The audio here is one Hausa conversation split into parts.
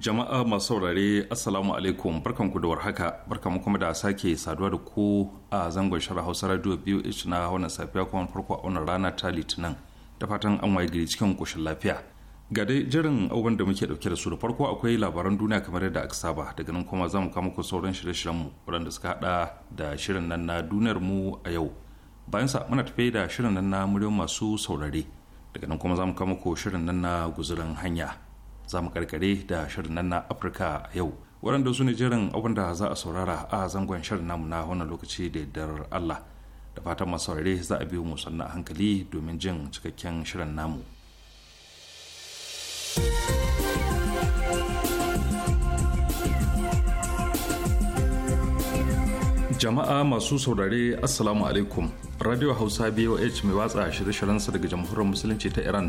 jama'a masu saurare assalamu alaikum ku da warhaka mu kuma da sake saduwa da ku a zangon shara hausa radio biyu na wannan safiya kuma farko a wannan rana ta litinin da fatan an waye gari cikin koshin lafiya ga dai jirin abubuwan da muke dauke da su da farko akwai labaran duniya kamar yadda aka saba daga nan kuma za mu kama ku sauran shirye-shiryenmu waɗanda suka hada da shirin nan na duniyar mu a yau bayan sa muna tafe da shirin nan na muryar masu saurare daga nan kuma za mu kama ku shirin nan na guzurin hanya za mu karkare da shirin nan na afirka a yau waɗanda su ne jerin abin da za a saurara a zangon shirin namu na wannan lokaci da dar allah da fatan masu saurare za a biyo mu sannan hankali domin jin cikakken shirin namu jama'a masu saurare assalamu alaikum radio hausa boh mai watsa shirye-shiryensa daga jamhuriyar musulunci ta iran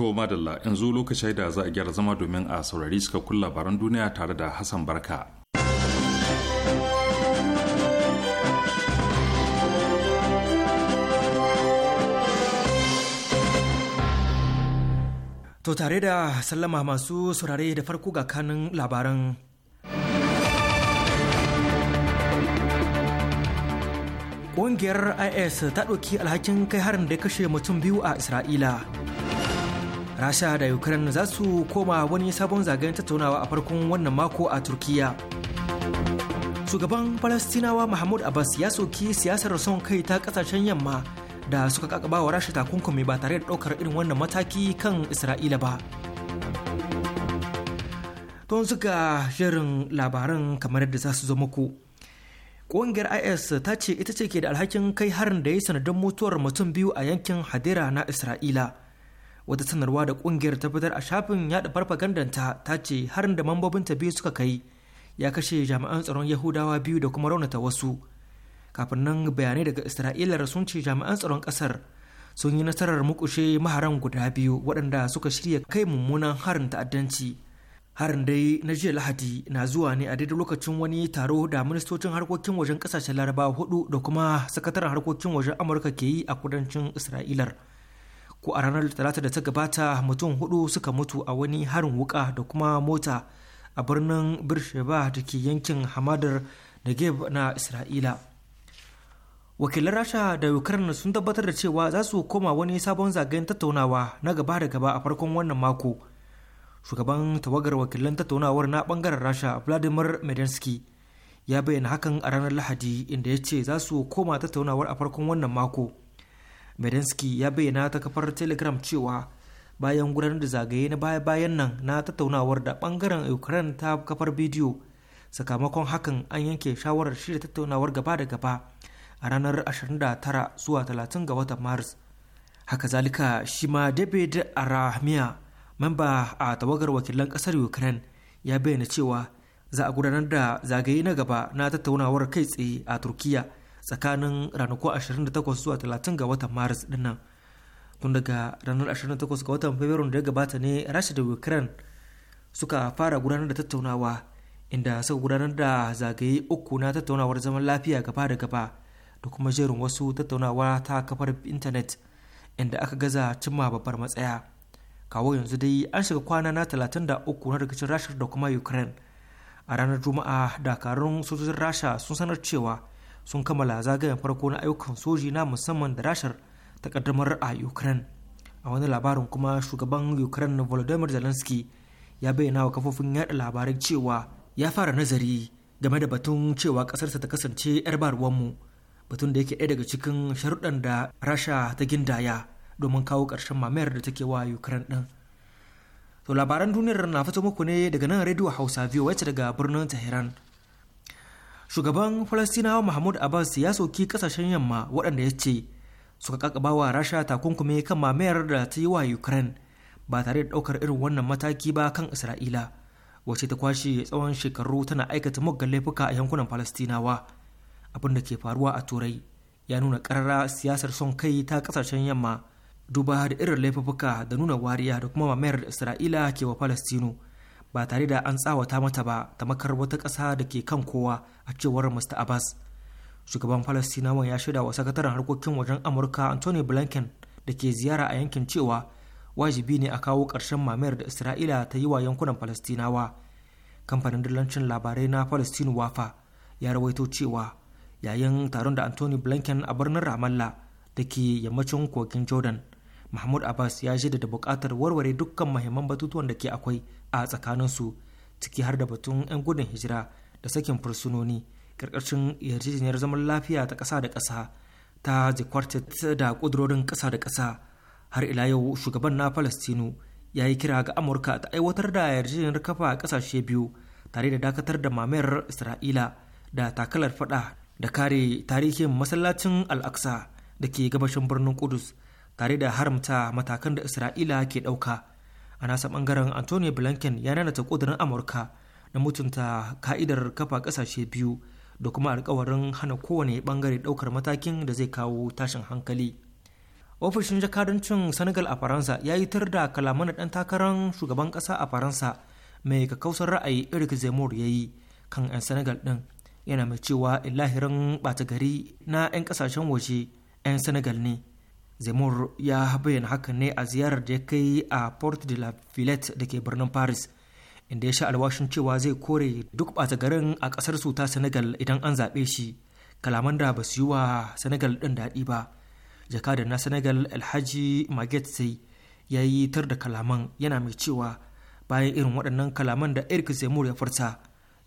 To madalla yanzu lokacin da za a gyara zama domin a saurari cikakkun labaran duniya tare da Hassan Barka. To tare da sallama masu saurare da farko ga kanin labaran Ƙungiyar IS ta ɗauki alhakin kai harin da ya kashe mutum biyu a Isra'ila. rasha da ukraine za su koma wani sabon zagayen tattaunawa a farkon wannan mako a turkiya shugaban falastinawa mahmud abbas ya soki siyasar son kai ta kasashen yamma da suka kakaba wa rasha takunkumi ba tare da daukar irin wannan mataki kan isra'ila ba don suka shirin labaran kamar yadda za su zo muku ƙungiyar is ta ce ita ce ke da alhakin kai harin da ya sanadin mutuwar mutum biyu a yankin hadira na isra'ila wata sanarwa da kungiyar ta fitar a shafin yada farfagandanta ta ce harin da mambobinta biyu suka kai ya kashe jami'an tsaron yahudawa biyu da kuma raunata wasu kafin nan bayanai daga isra'ila sun ce jami'an tsaron kasar sun yi nasarar mukushe maharan guda biyu waɗanda suka shirya kai mummunan harin ta'addanci harin dai na jiya lahadi na zuwa ne a daidai lokacin wani taro da ministocin harkokin wajen kasashen larabawa hudu da kuma sakataren harkokin wajen amurka ke yi a kudancin isra'ilar ko a ranar talata da ta gabata mutum hudu suka mutu a wani harin wuka da kuma mota a birnin birsheba da ke yankin hamadar negev na isra'ila wakilan rasha da ukraine sun tabbatar da cewa za su koma wani sabon zagayen tattaunawa na gaba da gaba a farkon wannan mako shugaban tawagar wakilan tattaunawar na bangaren rasha vladimir medinsky ya bayyana hakan a ranar lahadi inda ya ce za su koma tattaunawar a farkon wannan mako medinsky ya bayyana ta kafar Telegram cewa bayan gudanar da zagaye na baya-bayan nan na tattaunawar da bangaren Ukraine ta kafar bidiyo sakamakon hakan an yanke shawarar shirya tattaunawar gaba da gaba a ranar 29 zuwa 30 ga watan Maris. Haka zalika shi ma David Arahmiya memba a tawagar wakilan kasar Ukraine ya bayyana cewa za a gudanar da zagaye na gaba na tattaunawar kai tsaye a Turkiyya tsakanin ranaku 28 zuwa 30 ga watan maris dinnan tun daga ranar 28 ga watan fabrairu da ya gabata ne rasha da ukraine suka fara gudanar da tattaunawa inda suka gudanar da zagaye uku na tattaunawar zaman lafiya gaba da gaba da kuma jerin wasu tattaunawa ta kafar intanet inda aka gaza cimma babbar matsaya kawo yanzu dai an shiga kwana na 33 na rikicin rasha da kuma ukraine a ranar juma'a dakarun sojojin rasha sun sanar cewa sun kammala zagayen farko na ayyukan soji na musamman da rashar ta kaddamar a ukraine a wani labarin kuma shugaban ukraine volodymyr zelensky ya bayyana wa kafofin yada labarai cewa ya fara nazari game da batun cewa kasarsa ta kasance 'yar mu batun da yake ɗaya daga cikin sharuɗan da rasha ta gindaya domin kawo ƙarshen mamayar da take wa ukraine ɗin to labaran duniyar na fito muku ne daga nan rediyo hausa biyu wacce daga birnin tehran shugaban falastinawa mahmud abbas ya soki kasashen yamma waɗanda ya ce suka kakaba wa rasha takunkumi kan mamayar da ta yi wa ukraine ba tare da ɗaukar irin wannan mataki ba kan isra'ila wacce ta kwashe tsawon shekaru tana aikata muggan laifuka a yankunan falastinawa abin da ke faruwa a turai ya nuna karara siyasar son kai ta kasashen yamma duba da irin laifuka da nuna wariya da kuma mamayar da isra'ila ke wa falastinu ba tare da an tsawata mata ba ta makar wata ƙasa da ke kan kowa a cewar Mr. Abbas. Shugaban Falastinawan ya shaida wa sakataren harkokin wajen Amurka Anthony Blinken da ke ziyara a yankin cewa wajibi ne a kawo ƙarshen mamayar da Isra'ila ta yi wa yankunan Falastinawa. Kamfanin dillancin labarai na Falastinu Wafa ya rawaito cewa yayin taron da Anthony Blinken a birnin Ramallah da ke yammacin kogin Jordan mahmud abbas ya da bukatar warware dukkan mahimman batutuwan da ke akwai a tsakaninsu ciki har da batun 'yan gudun hijira da sakin fursunoni karkashin yarjejeniyar zaman lafiya ta ƙasa da ƙasa ta the quartet da ƙudurorin ƙasa da ƙasa har ila yau shugaban na palestinu ya yi kira ga amurka ta aiwatar da yarjejeniyar kafa ƙasashe biyu tare da dakatar da mamayar isra'ila da takalar fada da kare tarihin masallacin al-aqsa da ke gabashin birnin kudus tare da haramta matakan da isra'ila ke ɗauka a nasa ɓangaren antonio blinken ya nanata ƙudurin amurka na mutunta ka'idar kafa ƙasashe biyu da kuma alkawarin hana kowane ɓangare ɗaukar matakin da zai kawo tashin hankali ofishin jakadancin senegal a faransa ya yi tar da kalaman da ɗan takarar shugaban ƙasa a faransa mai kakkausar ra'ayi eric zemmour ya yi kan 'yan senegal ɗin yana mai cewa lahirin ɓata gari na 'yan ƙasashen waje 'yan senegal ne zemur ya bayyana hakan ne a ziyarar da ya kai a port de la villette da ke birnin paris inda ya sha alwashin cewa zai kore duk ɓata garin a ƙasar su ta senegal idan an zaɓe shi kalaman da ba su yi wa senegal ɗin daɗi ba jakadar na senegal alhaji maget sai ya yi tar da kalaman yana mai cewa bayan irin waɗannan kalaman da eric zemur ya furta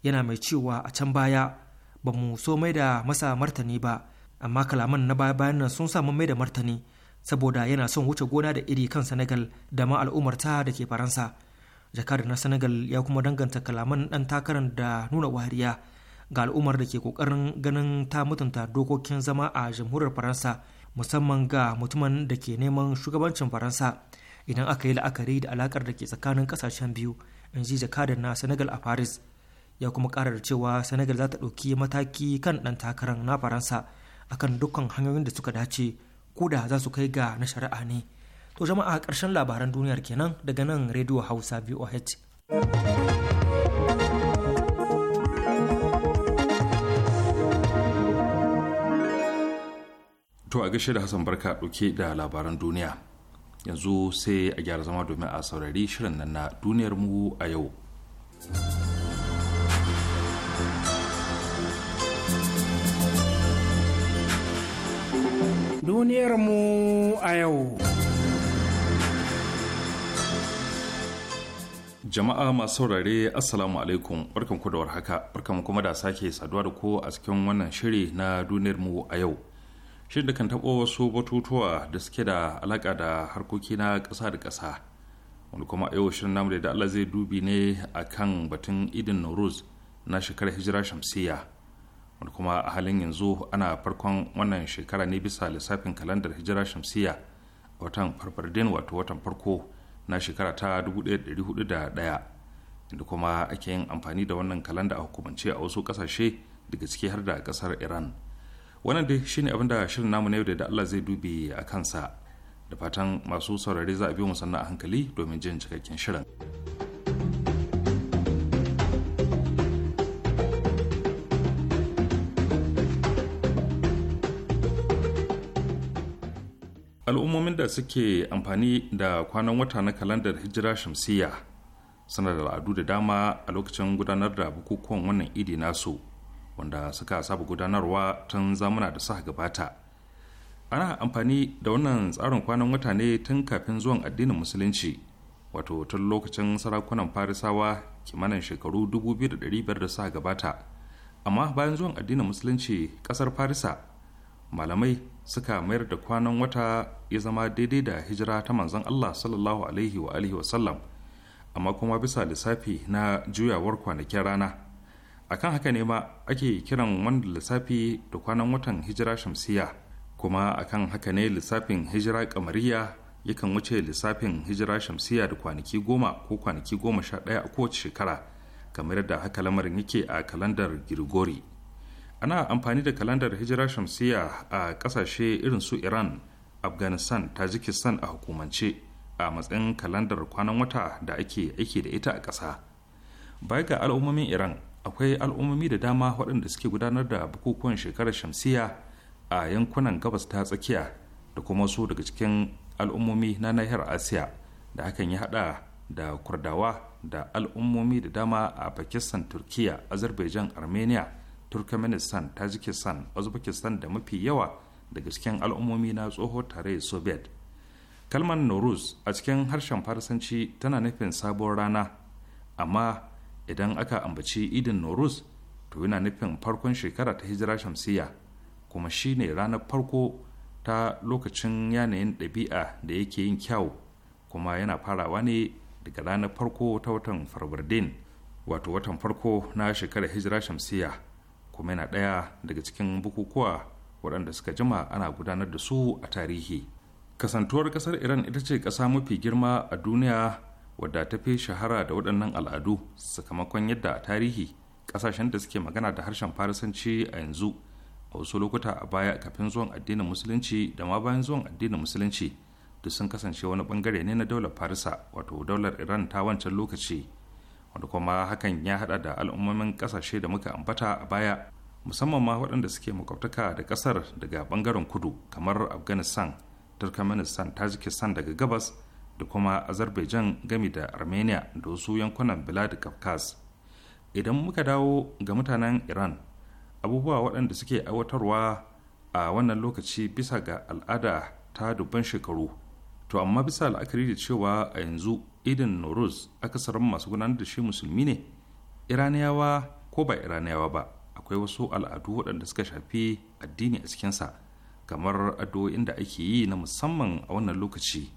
yana mai cewa a can baya ba mu so mai da masa martani ba amma kalaman na baya bayan nan sun samu mai da martani saboda yana son wuce gona da iri kan Senegal da ma al'ummarta da ke Faransa. Jakadar na Senegal ya kuma danganta kalaman ɗan takarar da nuna wariya ga al'ummar da ke kokarin ganin ta mutunta dokokin zama a jamhuriyar Faransa musamman ga mutumin da ke neman shugabancin Faransa idan aka yi la'akari da alakar da ke tsakanin kasashen biyu in ji jakadar na Senegal a Paris. Ya kuma ƙara da cewa Senegal za ta ɗauki mataki kan ɗan takarar na Faransa akan dukkan hanyoyin da suka dace kuda za su kai ga na shari'a ne to jama'a a ƙarshen labaran duniyar kenan daga nan rediyo hausa voh to a gaishe da hassan barka ɗauke da labaran duniya yanzu sai a gyara zama domin a saurari shirin nan na duniyar mu a yau duniyar mu a yau. Jama'a masu saurare Assalamu alaikum ku da warhaka barkan kuma da sake saduwa da ku a cikin wannan shiri na duniyar mu a yau. Shirin da kan taɓo wasu batutuwa da suke da alaƙa da harkoki na ƙasa da ƙasa. Wani kuma a yau shirin namu da Allah zai dubi ne a kan batun idin Nauruz na shekarar hijira shamsiyya wanda kuma a halin yanzu ana farkon wannan shekara ne bisa lissafin kalandar hijira shamsiya a watan farfardin wato watan farko na shekara ta 1401 inda kuma ake yin amfani da wannan kalanda a hukumance a wasu kasashe daga ciki har da kasar iran wannan dai shine abin da shirin namu na yau da allah zai dubi a kansa da fatan masu saurari za a biyo musamman a hankali domin jin cikakken shirin. al'ummomin da suke amfani da kwanan wata na kalandar hijira shamsiyya suna da al'adu da dama a lokacin gudanar da bukukuwan wannan idi nasu wanda suka saba gudanarwa tun zamuna da suka gabata ana amfani da wannan tsarin kwanan wata ne tun kafin zuwan addinin musulunci wato tun lokacin sarakunan farisawa kimanin shekaru 2500 da suka gabata amma bayan zuwan addinin musulunci kasar farisa malamai suka mayar da kwanan wata ya zama daidai da hijira ta manzon Allah sallallahu alaihi wa alihi amma kuma bisa lissafi na juyawar kwanakin rana akan haka ne ma ake kiran wanda lissafi da kwanan watan hijira shamsiya kuma akan haka ne lissafin hijira kamariya yakan wuce lissafin hijira shamsiya da kwanaki goma ko kwanaki goma sha ɗaya a kowace shekara kamar yadda haka lamarin yake a kalandar girgori ana amfani da kalandar hijira shamsiya a kasashe irin su iran afghanistan tajikistan a hukumance a matsayin kalandar kwanan wata da ake aiki da ita a ƙasa baya ga al'ummomin iran akwai al'ummomi da dama waɗanda suke gudanar da bukukuwan shekarar shamsiya a yankunan gabas ta tsakiya da kuma su daga cikin al'ummomi na nahiyar asiya da hakan ya hada da kurdawa da al'ummomi da dama a pakistan turkiya azerbaijan armenia turkmenistan tajikistan uzbekistan da mafi yawa daga cikin al'ummomi na tsohon tarayyar soviet kalmar noruz a cikin harshen farasanci tana nufin sabon rana amma idan aka ambaci idin noruz to yana nufin farkon shekara ta hijira shamsiya kuma shine ranar farko ta lokacin yanayin ɗabi'a da yake yin kyau kuma yana farawa ne daga ranar farko ta watan farbardin wato watan farko na shekarar hijira shamsiya kuma yana ɗaya daga cikin bukukuwa waɗanda suka jima ana gudanar da su a tarihi kasantuwar ƙasar iran ita ce ƙasa mafi girma a duniya wadda ta fi shahara da waɗannan al'adu sakamakon yadda a tarihi ƙasashen da suke magana da harshen farisanci a yanzu a wasu lokuta a baya kafin zuwan addinin musulunci da ma bayan zuwan addinin musulunci duk sun kasance wani bangare ne na daular farisa wato daular iran ta wancan lokaci wanda kuma hakan ya hada da al'ummomin kasashe da muka ambata a baya musamman ma waɗanda suke makwabtaka da ƙasar daga ɓangaren kudu kamar afghanistan turkmenistan tajikistan daga gabas da kuma azerbaijan gami da armenia da wasu yankunan da kafkas idan muka dawo ga mutanen iran abubuwa waɗanda suke aiwatarwa a wannan lokaci bisa ga al'ada ta dubban shekaru to amma bisa la'akari da cewa a yanzu idin noruz akasarin masu gudanar da shi musulmi ne iraniyawa ko ba iraniyawa ba akwai wasu al'adu waɗanda suka shafi addini a cikinsa kamar addu'o'in da ake yi na musamman a wannan lokaci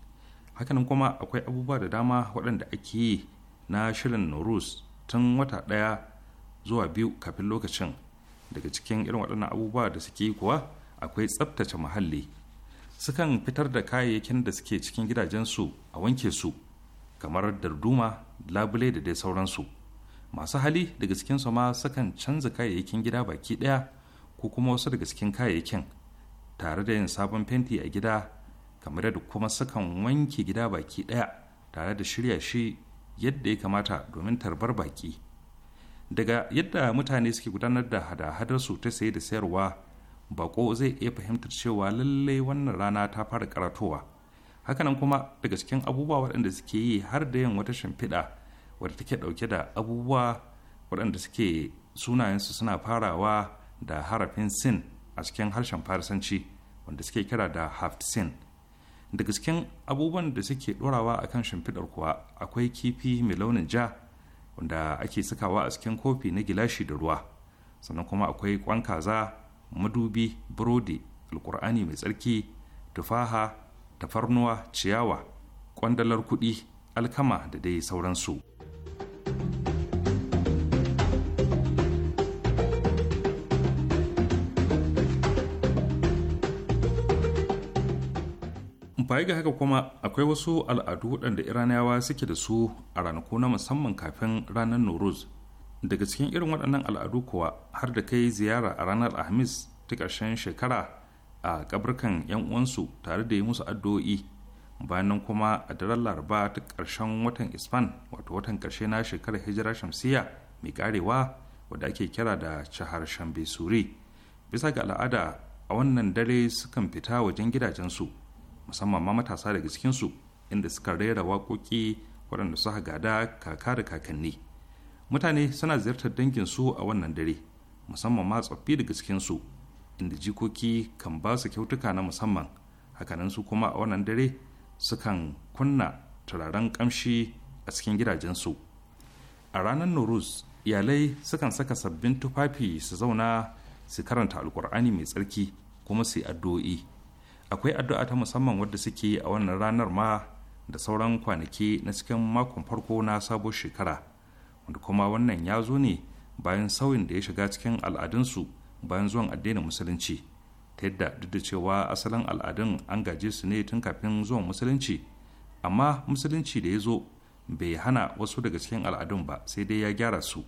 hakanan kuma akwai abubuwa da dama waɗanda ake yi na shirin noruz tun wata ɗaya zuwa biyu kafin lokacin daga cikin irin waɗannan abubuwa da suke yi kuwa akwai tsabtace muhalli sukan fitar da kayayyakin da suke cikin gidajensu a wanke su kamar darduma labule da dai sauransu masu hali daga su ma sukan canza kayayyakin gida baki daya ko kuma wasu daga cikin kayayyakin tare da yin sabon fenti a gida kamar yadda kuma sukan wanke gida baki daya tare da shirya shi yadda ya kamata domin tarbar baki daga yadda mutane suke gudanar da hada-hadar ta saye da sayarwa bako zai iya fahimtar cewa lallai wannan rana ta fara karatowa hakanan kuma daga cikin abubuwa waɗanda suke yi har da yin wata shimfiɗa wadda take ɗauke da abubuwa waɗanda suke sunayensu suna farawa da harafin sin a cikin harshen farisanci wanda suke kira da haft sin daga cikin abubuwan da suke ɗorawa a kan shimfiɗar kuwa akwai kifi mai launin ja wanda ake sakawa a cikin kofi na gilashi da ruwa sannan kuma akwai kwan kaza madubi burodi alkur'ani mai tsarki tufaha tafarnuwa ciyawa kwandalar kuɗi alkama da dai sauransu baya ga haka kuma akwai wasu al'adu waɗanda iraniyawa suke da su a ranaku na musamman kafin ranar noruz daga cikin irin waɗannan al'adu kuwa har da kai ziyara a ranar alhamis ta ƙarshen shekara a kabarkan 'yan uwansu tare da yi musu addu'o'i bayan kuma a daren laraba ta ƙarshen watan isfan wato watan ƙarshe na shekarar hijira shamsiya mai karewa wadda ake kira da cahar shambe suri bisa ga al'ada a wannan dare sukan fita wajen gidajensu musamman ma matasa daga cikinsu inda suka rera waƙoƙi waɗanda suka gada kaka da kakanni mutane suna ziyartar danginsu a wannan dare musamman ma tsoffi daga cikinsu inda jikoki kan ba su kyautuka na musamman hakanan su kuma a wannan dare sukan kunna turaren kamshi a cikin gidajensu a ranar norus iyalai sukan saka sabbin tufafi su zauna su karanta alkur'ani mai tsarki kuma su yi addu'o'i akwai addu'a ta musamman wadda suke a wannan ranar ma da sauran kwanaki na cikin makon farko na sabon shekara wanda kuma wannan ya zo ne bayan sauyin da ya shiga cikin al'adunsu bayan zuwan addinin musulunci ta yadda duk da cewa asalin al'adun an gaje su ne tun kafin zuwan musulunci amma musulunci da ya zo bai hana wasu daga cikin al'adun ba sai dai ya gyara su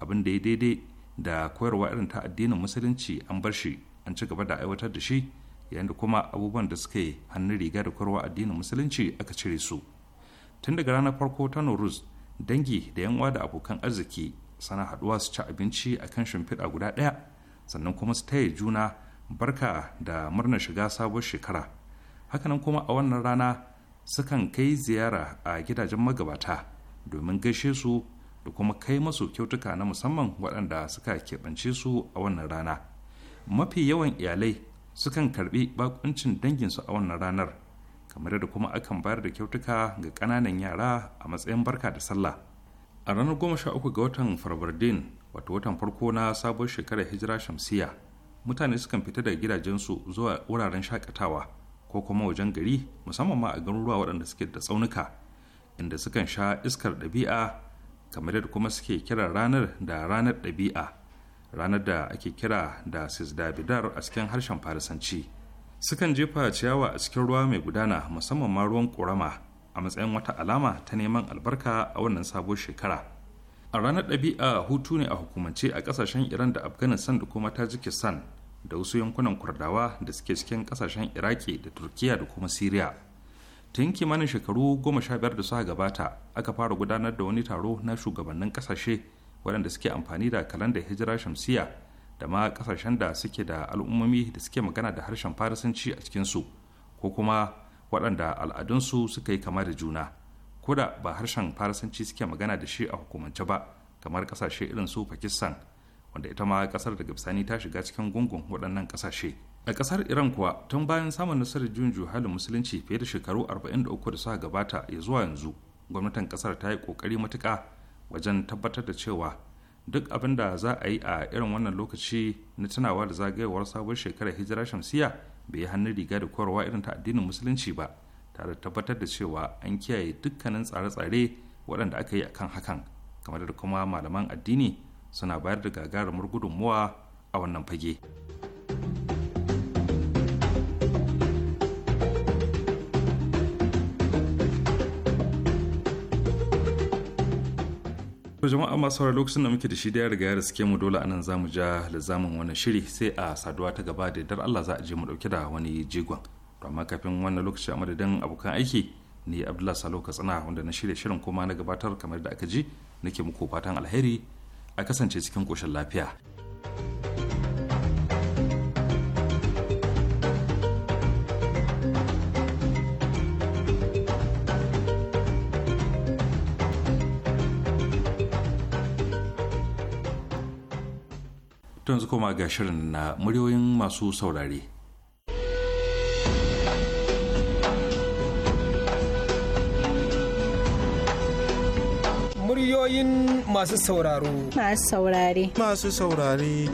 abin da ya daidai da koyarwa irin ta addinin musulunci an bar shi an ci gaba da aiwatar da shi yayin da kuma abubuwan da suka yi hannun riga da koyarwa addinin musulunci aka cire su tun daga ranar farko ta noruz dangi da yan da abokan arziki sana haɗuwa su ci abinci a kan shimfiɗa guda ɗaya sannan kuma su taya juna barka da murnar shiga sabuwar shekara hakanan kuma a wannan rana sukan kai ziyara a gidajen magabata domin gaishe su da kuma kai masu kyautuka na musamman waɗanda suka keɓance su a wannan rana mafi yawan iyalai sukan karɓi bakuncin danginsu a wannan ranar kamar da kuma akan bayar da kyautuka ga ƙananan yara a matsayin barka da sallah a ranar goma sha uku ga watan farbardin wato watan farko na sabon shekarar hijira shamsiya mutane sukan fita daga gidajensu zuwa wuraren shakatawa ko kuma wajen gari musamman ma a garuruwa waɗanda suke da tsaunuka inda sukan sha iskar ɗabi'a kamar yadda kuma suke kira ranar da ranar ɗabi'a ranar da ake kira da sisdabidar a cikin harshen farisanci sukan jefa ciyawa a cikin ruwa mai gudana musamman ma ruwan ƙorama a matsayin wata alama ta neman albarka a wannan sabuwar shekara a ranar ɗabi'a hutu ne a hukumance a ƙasashen iran da afghanistan da kuma tajikistan da wasu yankunan kurdawa da suke cikin ƙasashen iraki da turkiya da kuma syria tun kimanin shekaru goma sha biyar da suka gabata aka fara gudanar da wani taro na shugabannin ƙasashe waɗanda suke amfani da kalandar hijira shamsiya da ma ƙasashen da suke da al'ummomi da suke magana da harshen farisanci a cikinsu ko kuma waɗanda al'adunsu suka yi kama da juna koda ba harshen farasanci suke magana da shi a hukumance ba kamar kasashe irin su pakistan wanda ita ma kasar daga bisani ta shiga cikin gungun waɗannan kasashe a kasar iran kuwa tun bayan samun nasarar juyin juhalin musulunci fiye da shekaru 43 da suka gabata ya zuwa yanzu gwamnatin kasar ta yi kokari matuka wajen tabbatar da cewa duk abin da za a yi a irin wannan lokaci na tunawa da zagayowar sabon shekarar hijira shamsiya bai yi hannun riga da korowa irin ta addinin musulunci ba tare da tabbatar da cewa an kiyaye dukkanin tsare-tsare waɗanda aka yi akan hakan kamar da kuma malaman addini suna bayar da gagarumar gudunmuwa a wannan fage. To jama'a masu saurari lokacin da muke da shi da ya riga ya riske mu dole anan zamu ja lazamin wani shiri sai a saduwa ta gaba da dar Allah za a je mu dauke da wani jigon. to amma kafin wannan lokaci a madadin abokan aiki ne abdullahi salo katsina wanda na shirya shirin kuma na gabatar kamar da aka ji nake muku fatan alheri a kasance cikin koshin lafiya yanzu koma ga shirin na muryoyin masu saurare ra'ayoyin masu sauraro. Masu saurare. Masu saurare.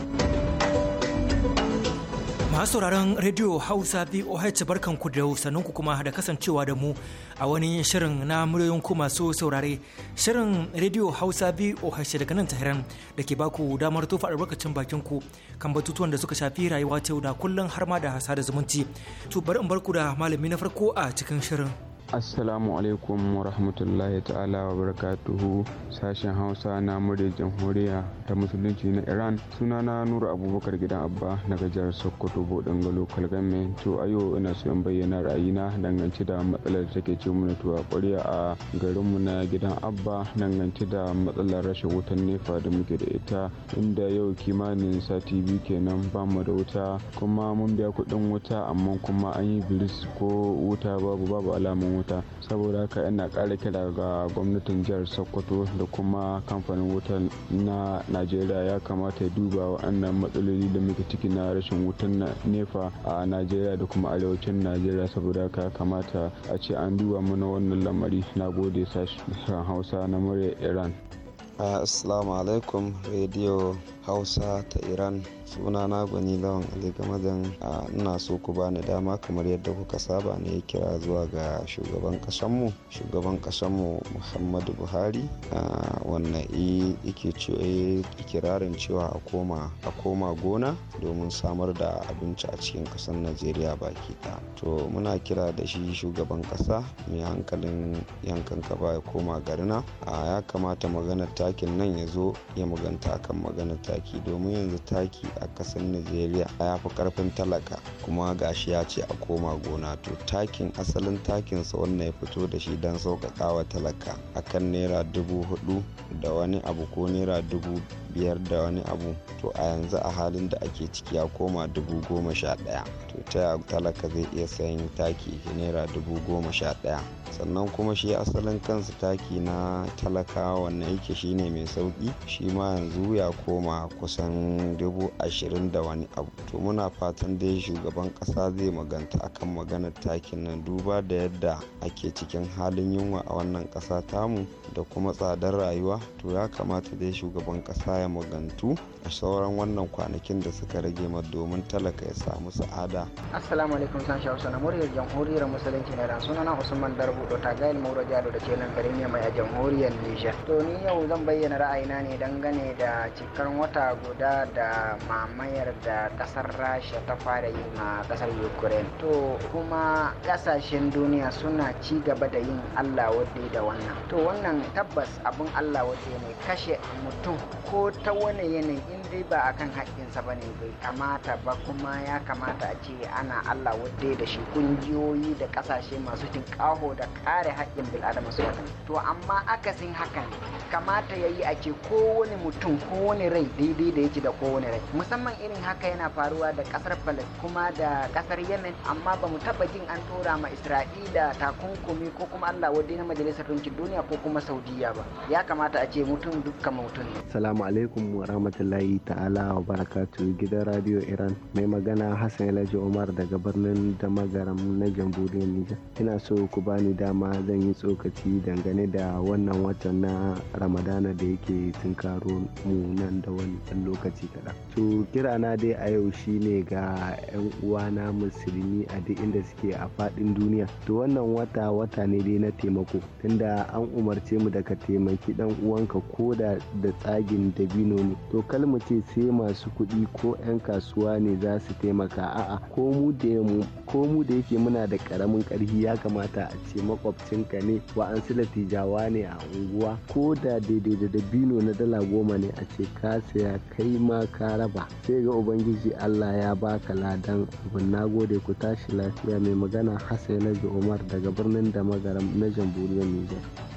masu sauraron rediyo hausa voh barkanku da ku kuma da kasancewa da mu a wani shirin na muryoyin ku masu saurare shirin rediyo hausa voh daga nan tahiran da ke baku damar tofa albarkacin bakin ku kan batutuwan da suka shafi rayuwa ta yau da kullum har ma da hasa da zumunci to bari in barku da malami na farko a cikin shirin Assalamu alaikum wa rahmatullahi ta'ala wa barakatuhu sashen Hausa na muri jamhuriya ta musulunci na Iran sunana Nura Abubakar gidan Abba na jihar Sokoto Bodin Galo Kalgame to ayo ina so in bayyana ra'ayina dangance da matsalar da take ce mun tuwa ƙwarya a garinmu na gidan Abba dangance da matsalar rashin wutan nefa da muke da ita inda yau kimanin sati biyu kenan ba mu da wuta kuma mun biya kuɗin wuta amma kuma an yi bilis ko wuta babu babu alamun wuta saboda haka yana kara kira ga gwamnatin jihar sokoto da kuma kamfanin wuta na najeriya ya kamata ya duba waɗannan matsaloli da muke ciki na rashin wutan nefa a najeriya da kuma arewacin najeriya saboda haka ya kamata a ce an duba mana wannan lamari na gode sashen hausa na murya iran assalamu alaikum radio hausa ta iran suna na gwani lawan ali a ina so ku bani dama kamar yadda kuka saba ne ya kira zuwa ga shugaban kasanmu shugaban kasanmu muhammadu buhari wannan ike e, e, ikirarin cewa a koma gona domin samar da abinci a cikin kasar najeriya baki ta to muna kira da shi shugaban kasa mai hankalin yankan kaba ya koma garina a ya kamata maganar takin nan ya zo ya maganta kan maganar taki domin yanzu taki a ƙasar nigeria ya fi ƙarfin talaka kuma gashi ya ce a koma gona to takin asalin takinsa wannan ya fito da shi don sauƙaƙa wa talaka kan naira dubu hudu da wani abu ko naira dubu biyar da wani abu to a yanzu a halin da ake ciki ya koma dubu goma sha ɗaya to ta talaka zai iya sayan taki naira dubu goma sha ɗaya sannan kuma shi asalin kansa taki na talakawa wannan yake shine mai sauki shi ma yanzu ya koma kusan dubu ashirin da wani abu to muna fatan dai shugaban kasa zai maganta akan maganar takin nan duba da yadda ake cikin halin yunwa a wannan kasa tamu da kuma tsadar rayuwa to ya kamata dai shugaban kasa ya magantu a sauran wannan kwanakin da suka rage ma domin talaka ya samu sa'ada assalamu alaikum sashi hausa na muryar jamhuriyar musulunci na ran sunana usman darbu dota gail maura jado da ke nan garin ne mai a jamhuriyar nijar to ni yau zan bayyana ra'ayina ne dangane da cikar wata guda da ma mamayar da kasar rasha ta fara yi ma kasar ukraine to kuma kasashen duniya suna ci gaba da yin allah wadda da wannan to wannan tabbas abin allah wadda ne kashe mutum ko ta wani yanayi dai ba akan kan haƙƙinsa ba ne bai kamata ba kuma ya kamata a ce ana allah wadda da shi ƙungiyoyi da ƙasashe masu ƙaho da kare haƙƙin bil'adama su yata to amma akasin hakan kamata ya yi a ce kowane mutum kowane rai daidai da yake da kowane rai musamman irin haka yana faruwa da ƙasar falas kuma da ƙasar yemen amma ba mu taɓa jin an tura ma isra'ila takunkumi ko kuma allah wadda na majalisar ɗinkin duniya ko kuma Saudiyya ba ya kamata a ce mutum dukkan mutum ne salamu alaikum wa rahmatullahi ta'ala wa barakatu gidan radio iran mai magana hassan yalaji umar daga birnin magaram na jamhuriyar nijar ina so ku bani dama zan yi tsokaci dangane da wannan watan na ramadana da yake tunkaro mu nan da wani dan lokaci kaɗan to kira na dai a yau shine ga 'yan uwana musulmi a duk inda suke a faɗin duniya to wannan wata wata ne dai na taimako tunda an umarce mu daka taimaki ɗan uwanka ko da da tsagin dabino ne to kalmu ce sai masu kuɗi ko 'yan kasuwa ne za su taimaka a'a ko mu da yake muna da karamin karfi ya kamata a ce makwabcinka ne wa an tijawa ne a unguwa ko da daidai da dabino na dala goma ne a ce ka saya kai ma ka raba sai ga ubangiji allah ya baka ladan abin na gode ku tashi lafiya mai magana hassan umar daga birnin da magaram na jamhuriyar nijar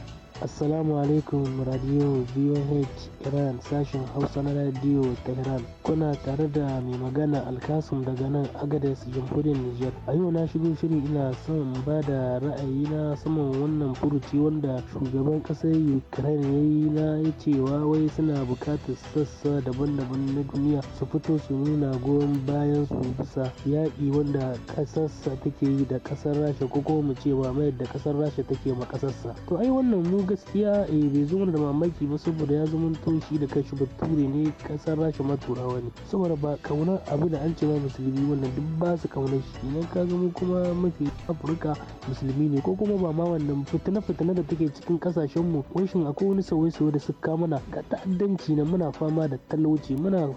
Assalamu alaikum Radio VOH Iran sashen Hausa na Radio Tehran. Kuna tare da mai magana Alkasum daga nan Agadez Jamhuriyar Nijar. A yau na shigo shirin ina son ba da na saman wannan furuci wanda shugaban ƙasar Ukraine ya yi na cewa wai suna bukatar sassa daban-daban na duniya su fito su nuna goyon bayan su bisa yaƙi wanda ƙasarsa take yi da kasar Rasha ko kuma mu ce ba mai da kasar Rasha take ma kasarsa. To ai wannan mu gaskiya eh, bai zama da mamaki ba saboda ya zama taushi da kashi bature ne kasar rasha ma turawa ne saboda ba kaunar abu da an ce ma musulmi wannan duk ba su kaunar shi idan ka zama kuma mafi afirka musulmi ne ko kuma ba ma wannan fitina-fitina da take cikin kasashen mu shin akwai wani sauye-sauye da suka mana ga ta'addanci na muna fama da talauci muna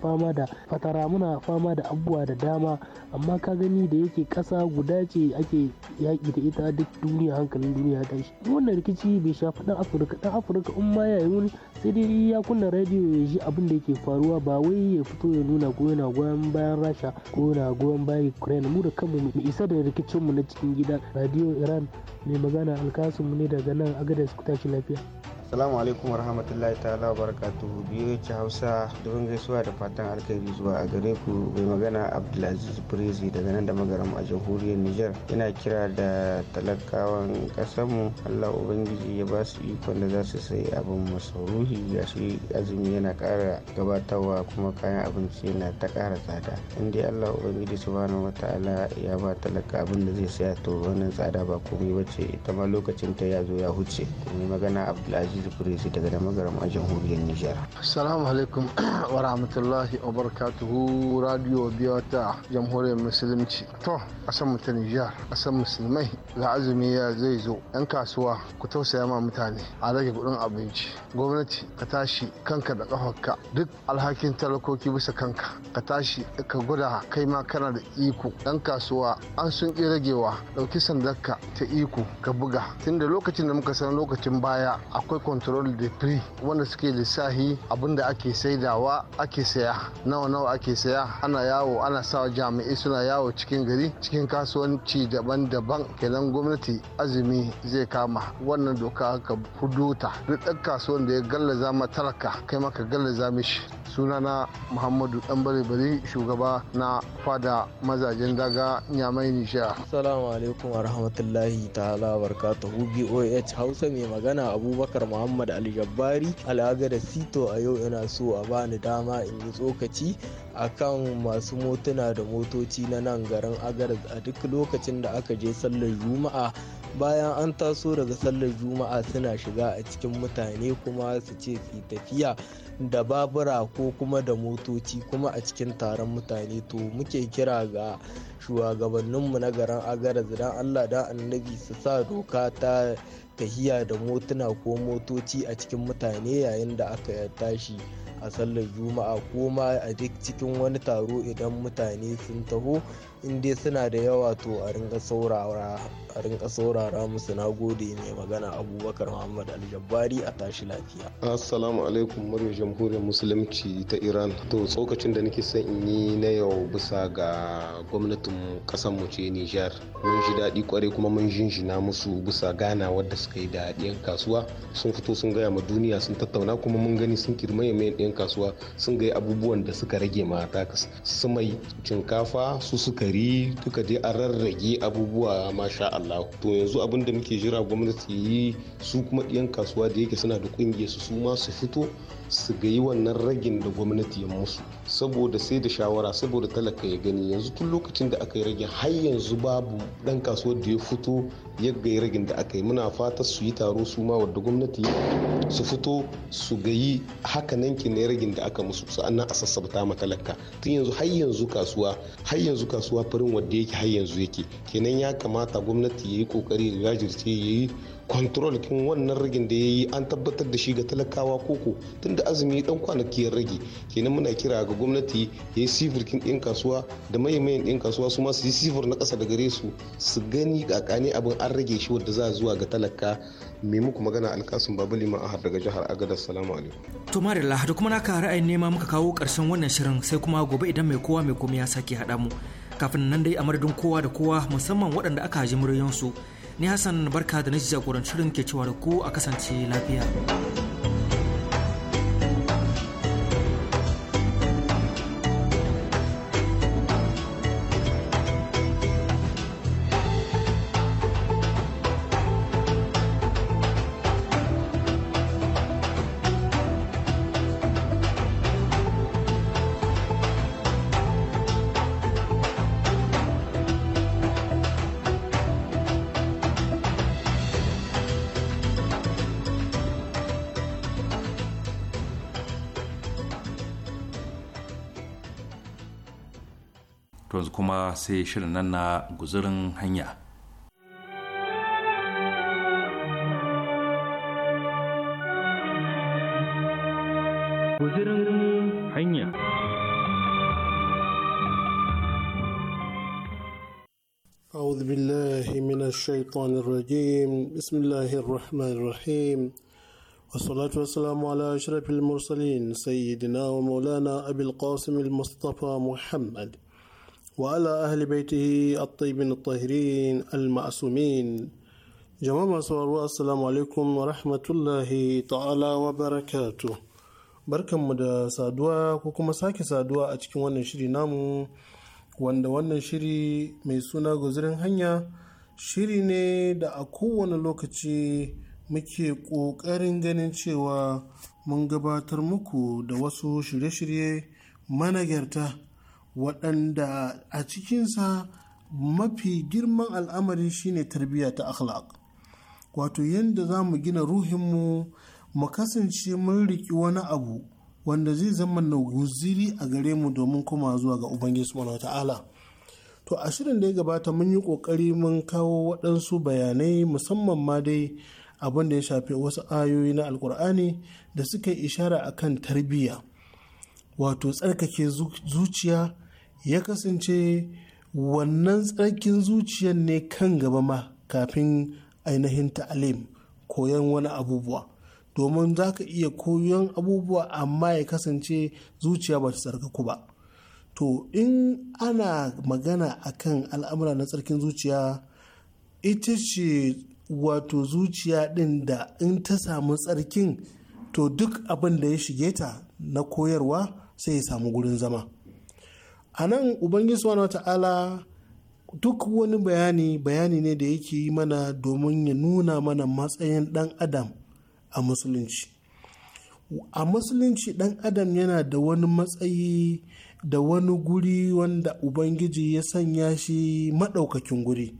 fama da fatara muna fama da abubuwa da dama amma ka gani da yake kasa guda ce ake yaƙi da ita duk duniya hankalin duniya ta shi wannan rikici al'amari bai shafi dan afirka dan afirka in ma yayi wani sai dai ya kunna rediyo ya ji abin da yake faruwa ba wai ya fito ya nuna ko yana goyon bayan rasha ko yana goyon bayan ukraine mu da kanmu mu isa da rikicin mu na cikin gida radio iran mai magana mu ne daga nan agadez su tashi lafiya salamu alaikum warahmatullahi ta'ala barakatuhu biyo ci Hausa don gaisuwa da fatan alkhairi zuwa a gare ku mai magana Abdulaziz Prezi daga nan da magaram a jamhuriyar niger yana kira da talakawan kasanmu Allah ubangiji ya ba su ikon da za su sai abin masauruhi ga shi azumi yana kara gabatarwa kuma kayan abinci yana ta kara tsada in dai Allah ubangiji subhanahu ta'ala ya ba talaka abin da zai saya to wannan tsada ba komai bace ita ma lokacin ta ya zo ya huce mai magana Abdulaziz abdulaziz kurezi daga da a jamhuriyar nijar assalamu alaikum wa rahmatullahi wa barakatuhu radio jamhuriyar musulunci to asan san ta nijar asan musulmai ga azumi ya zai zo yan kasuwa ku tausaya ma mutane a rage kuɗin abinci gwamnati ka tashi kanka da kafarka duk alhakin talakoki bisa kanka ka tashi ka gwada kai ma kana da iko yan kasuwa an sun ƙi ragewa ɗauki sandarka ta iko ka buga tunda lokacin da muka san lokacin baya akwai control de prix wanda suke lissahi abinda ake saidawa ake saya nawa nawa ake saya ana yawo ana sawa jami'ai suna yawo cikin gari cikin kasuwanci daban-daban kenan gwamnati azumi zai kama wannan doka ka ta duk ɗan kasuwan da ya gallaza ma talaka kai maka gallaza mishi suna na muhammadu dan bari shugaba na fada mazajen daga nyamai nisha salamu alaikum wa rahmatullahi ta'ala barkatuhu boh hausa mai magana abubakar muhammad aljabari al'aga da sito a yau yana so a bani dama in yi tsokaci akan masu motuna da motoci na nan garin agaras a duk lokacin da aka je sallar juma'a bayan an taso daga sallar juma'a suna shiga a cikin mutane kuma su ce su tafiya da babura ko kuma da motoci kuma a cikin taron mutane to muke kira ga shugabanninmu na garin agara don allah da annabi su sa doka ta tahiya da motuna ko motoci a cikin mutane yayin da aka tashi a sallar juma'a ko ma a duk cikin wani taro idan mutane sun taho in dai suna da yawa to a ringa saurara rinka saurara musu na gode ne magana abubakar muhammad aljabbari a tashi lafiya assalamu alaikum murya jamhuriyar musulunci ta iran to tsokacin da nake son in yi na yau bisa ga gwamnatin kasan mu ce nijar mun ji daɗi kwarai kuma mun jinjina musu bisa gana wadda suka yi da ɗiyan kasuwa sun fito sun gaya ma duniya sun tattauna kuma mun gani sun kirmaye mai ɗiyan kasuwa sun gaya abubuwan da suka rage ma takas su mai shinkafa su suka gari duka dai an rarrage abubuwa masha Allah to yanzu abin da muke jira gwamnati yi su kuma ɗiyan kasuwa da yake suna da ƙungiyar su su ma su fito su ga yi wannan ragin da gwamnati ya musu saboda sai da shawara saboda talaka ya gani yanzu tun lokacin da aka yi ragin har yanzu babu dan kasuwar da ya fito ya ga ragin da aka yi muna fata su yi taro su ma wadda gwamnati su fito su ga yi haka nan ki ne ragin da aka musu sa'annan a sassabta ma talaka tun yanzu har yanzu kasuwa har yanzu kasuwa farin wadda yake har yanzu yake kenan ya kamata gwamnati ya yi kokari ya jirce ya yi control kin wannan ragin da ya yi an tabbatar da shi ga talakawa koko tunda azumi dan kwanaki ya rage kenan muna kira ga gwamnati ya yi sifir kin ɗin kasuwa da mayan ɗin kasuwa su ma su yi sifir na ƙasa da gare su su gani kakani abin an rage shi wanda za zuwa ga talaka me muku magana alkasun babali ma'ahar daga jihar agada salamu alaikum. to marilla da kuma naka ra'ayin nema muka kawo ƙarshen wannan shirin sai kuma gobe idan mai kowa mai komai ya sake haɗa mu kafin nan dai a madadin kowa da kowa musamman waɗanda aka haji muryansu su ni hassan barka da na jagorancin ke cewa da ku a kasance lafiya to yanzu kuma sai shirin nan na guzurin hanya guzurin hanya أعوذ بالله من الشيطان الرجيم بسم الله الرحمن الرحيم والصلاة والسلام على أشرف المرسلين سيدنا ومولانا أبي القاسم المصطفى محمد وعلى أهل بيته الطيبين الطاهرين المعصومين jama'a masu warwa assalamu alaikum wa rahmatullahi ta'ala wa barakatu barkanmu da saduwa ko kuma sake saduwa a cikin wannan shiri namu wanda wannan shiri mai suna guzurin hanya shiri ne da a kowane lokaci muke ƙoƙarin ganin cewa mun gabatar muku da wasu shirye-shirye managarta waɗanda a cikinsa mafi girman al'amari shine tarbiyya ta akhlaq wato yadda za mu gina ruhinmu mu kasance mun riki wani abu wanda zai zama na guziri a gare mu domin kuma zuwa ga ubangiji subhanahu ta'ala to a shirin da ya gabata mun yi kokari mun kawo waɗansu bayanai musamman ma dai abin da ya shafi wasu ayoyi na alkur'ani da suka yi ishara akan tarbiyya wato tsarkake zuciya ya kasance wannan tsarkin zuciyar ne kan gaba ma kafin ainihin ta'alim koyon wani abubuwa domin za ka iya koyon abubuwa amma ya kasance zuciya ba ta tsarkaku ba to in ana magana akan al'amura na tsarkin zuciya ita ce wato zuciya ɗin da in ta samu tsarkin to duk abin da ya shige ta na koyarwa sai ya samu gurin zama a nan ubangiji subhanahu ta'ala duk wani bayani bayani ne da yake yi mana domin ya nuna mana matsayin dan adam a musulunci a musulunci dan adam yana da wani matsayi da wani guri wanda ubangiji ya sanya shi maɗaukakin guri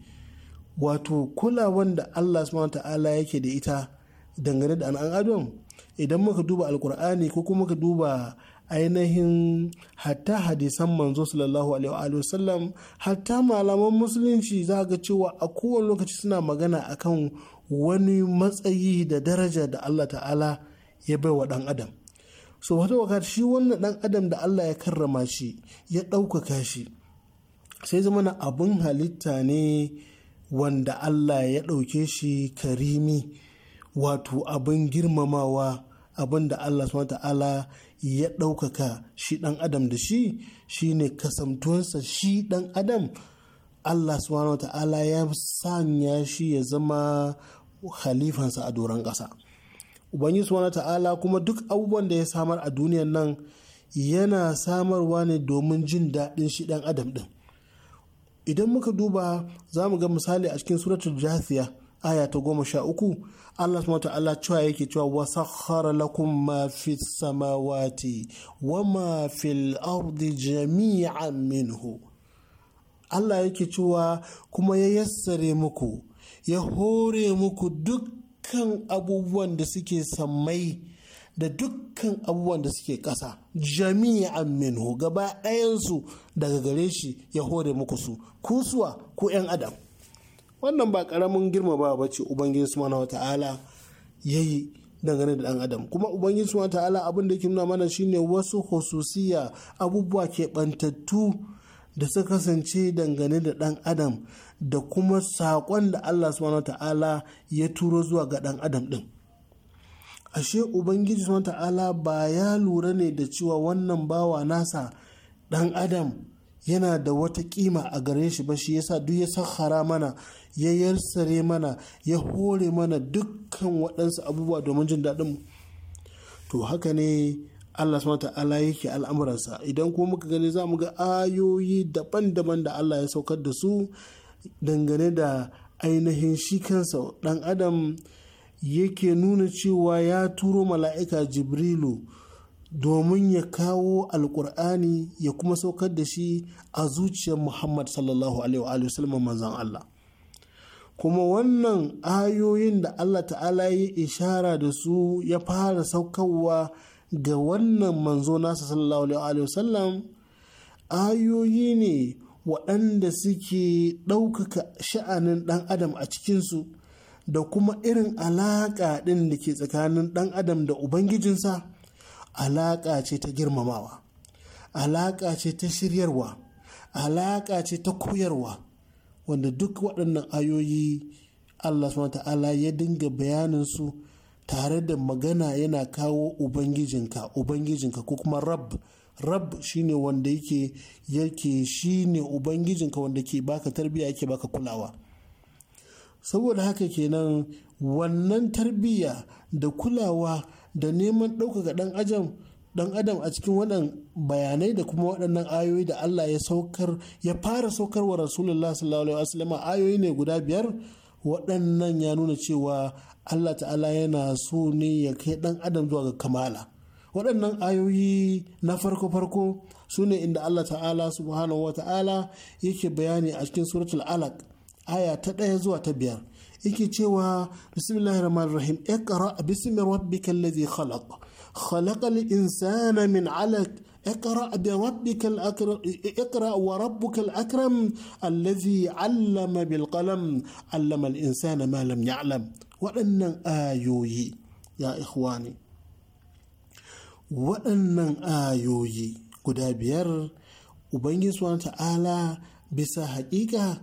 wato kula wanda allah subhanahu ta'ala yake da ita dangane da an adam idan muka duba alkur'ani ko kuma muka duba ainihin hatta hadisan manzo sallallahu alaihi wasallam hatta malaman musulunci za ga cewa a kowane lokaci suna magana akan wani matsayi da daraja da Allah ta'ala ya baiwa dan adam so wata wakar shi wannan dan adam da Allah ya karrama shi ya ɗaukaka shi sai zama na abin halitta ne wanda Allah ya ɗauke shi karimi wato abin girmamawa abin da Allah subhanahu ta'ala ya ɗaukaka shi ɗan adam da shi shi ne kasamtuwansa shi ɗan adam allah subhanahu wa ta'ala ya sanya shi ya zama halifansa a doron ƙasa ubangi subhanahu wa ta'ala kuma duk abubuwan da ya samar a duniyan nan yana samarwa ne domin jin daɗin shi ɗan adam ɗin idan muka duba za mu ga misali a cikin suratul jathiya aya ta goma sha uku Allah subhanahu ta'ala cewa yake cewa wa sakhara lakum ma fi samawati wa ma fil ardi jami'an minhu Allah yake cewa kuma ya yassare muku ya hore muku dukkan abubuwan da suke sammai da dukkan abubuwan da suke ƙasa jami'an minhu gaba ɗayansu daga gare shi ya hore muku su kusuwa ko 'yan adam wannan ba karamin girma ba ce ubangiji mana wata'ala yi dangane da dan adam kuma ubangiji subhanahu wata'ala abin da yake nuna mana shine wasu hususiya abubuwa keɓantattu da suka kasance dangane da dan adam da kuma saƙon da Allah subhanahu wata'ala ya turo zuwa ga dan adam din ashe ubangiji su wata'ala ba ya lura ne da cewa wannan bawa nasa dan adam yana da wata kima a gare shi ba shi yasa duk ya sahara mana ya yarsare mana ya hore mana dukkan waɗansu abubuwa domin jin daɗin mu to haka ne Allah subhanahu ta'ala yake al'amuransa idan kuma muka gani za mu ga ayoyi daban-daban da Allah ya saukar da su dangane da ainihin shi kansa ɗan adam yake nuna cewa ya turo mala'ika jibrilu domin ya kawo alkur'ani ya kuma saukar da shi a zuciyar muhammad sallallahu alaihi wa sallam manzan Allah kuma wannan ayoyin da Allah ta'ala ya yi ishara da su ya fara saukarwa ga wannan manzo nasa sallallahu alaihi wasallam ayoyi ne waɗanda suke ɗaukaka sha'anin ɗan adam a cikinsu da kuma irin alaƙa ɗin da ke tsakanin ɗan adam da ubangijinsa alaƙa ce ta girmamawa alaƙa ce ta shiryarwa alaƙa ce ta koyarwa wanda duk waɗannan ayoyi allah subhanahu ta'ala ya dinga bayanin su tare da magana yana kawo ubangijinka ubangijinka ko kuma rab rab shine wanda yake yake shine ubangijinka wanda ke baka tarbiyya yake baka kulawa saboda haka kenan wannan tarbiyya da kulawa da neman ɗaukaka ɗan ajam dan adam a cikin wannan bayanai da kuma waɗannan ayoyi da Allah ya saukar ya fara wa rasulullah sallallahu alaihi wasallam ayoyi ne guda biyar waɗannan ya nuna cewa Allah ta'ala yana so ne ya kai dan adam zuwa ga kamala waɗannan ayoyi na farko-farko su ne inda Allah ta'ala subhanahu wa ta'ala yake bayani a cikin suratul alaq aya ta ɗaya zuwa ta biyar yake cewa bismillahir rahmanir rahim iqra bismi rabbikal ladhi khalaq khalaqal insana min alaq اقرأ بربك الأكرم اقرأ وربك الأكرم الذي علم بالقلم علم الإنسان ما لم يعلم وأن آيوي يا إخواني وأن آيوي guda biyar ubangiji subhanahu ta'ala bisa haƙiƙa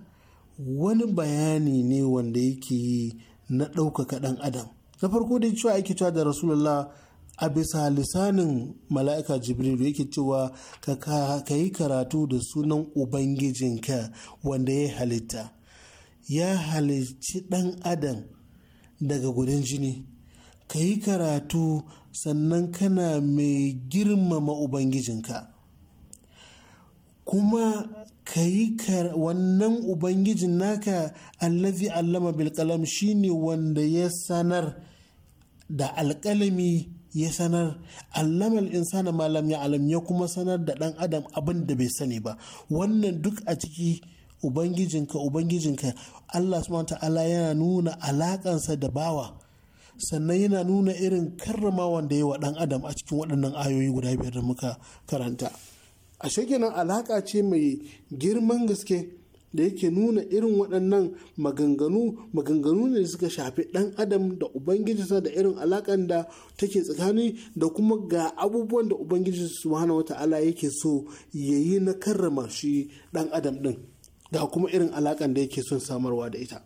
wani bayani ne wanda yake na ɗaukaka ɗan adam na farko da cewa ake cewa da rasulullah a bisa lisanin mala'ika jibrilu yake cewa ka yi karatu da sunan ubangijinka wanda ya halitta ya halicci ɗan adam daga gudun jini ka yi karatu sannan kana mai girmama ubangijinka kuma ka yi wannan ubangijin naka allazi allama bilkalam shine wanda ya sanar da alƙalami. ya sanar allamal insana malam ya alam ya kuma sanar da dan adam abin da bai sani ba wannan duk a ciki ubangijinka ubangijinka allah subhanahu ta'ala yana nuna alakansa da bawa sannan yana nuna irin karrama wanda ya wa dan adam a cikin waɗannan ayoyi guda biyar da muka karanta a shekinan alaka ce mai girman gaske da yake nuna irin waɗannan maganganu maganganu ne suka shafi ɗan adam da ubangijinsa da irin alaƙan da take tsakani da kuma ga abubuwan da ubangiji subhanahu wata'ala yake so ya yi na karrama shi ɗan adam ɗin ga kuma irin alaƙan da yake son samarwa da ita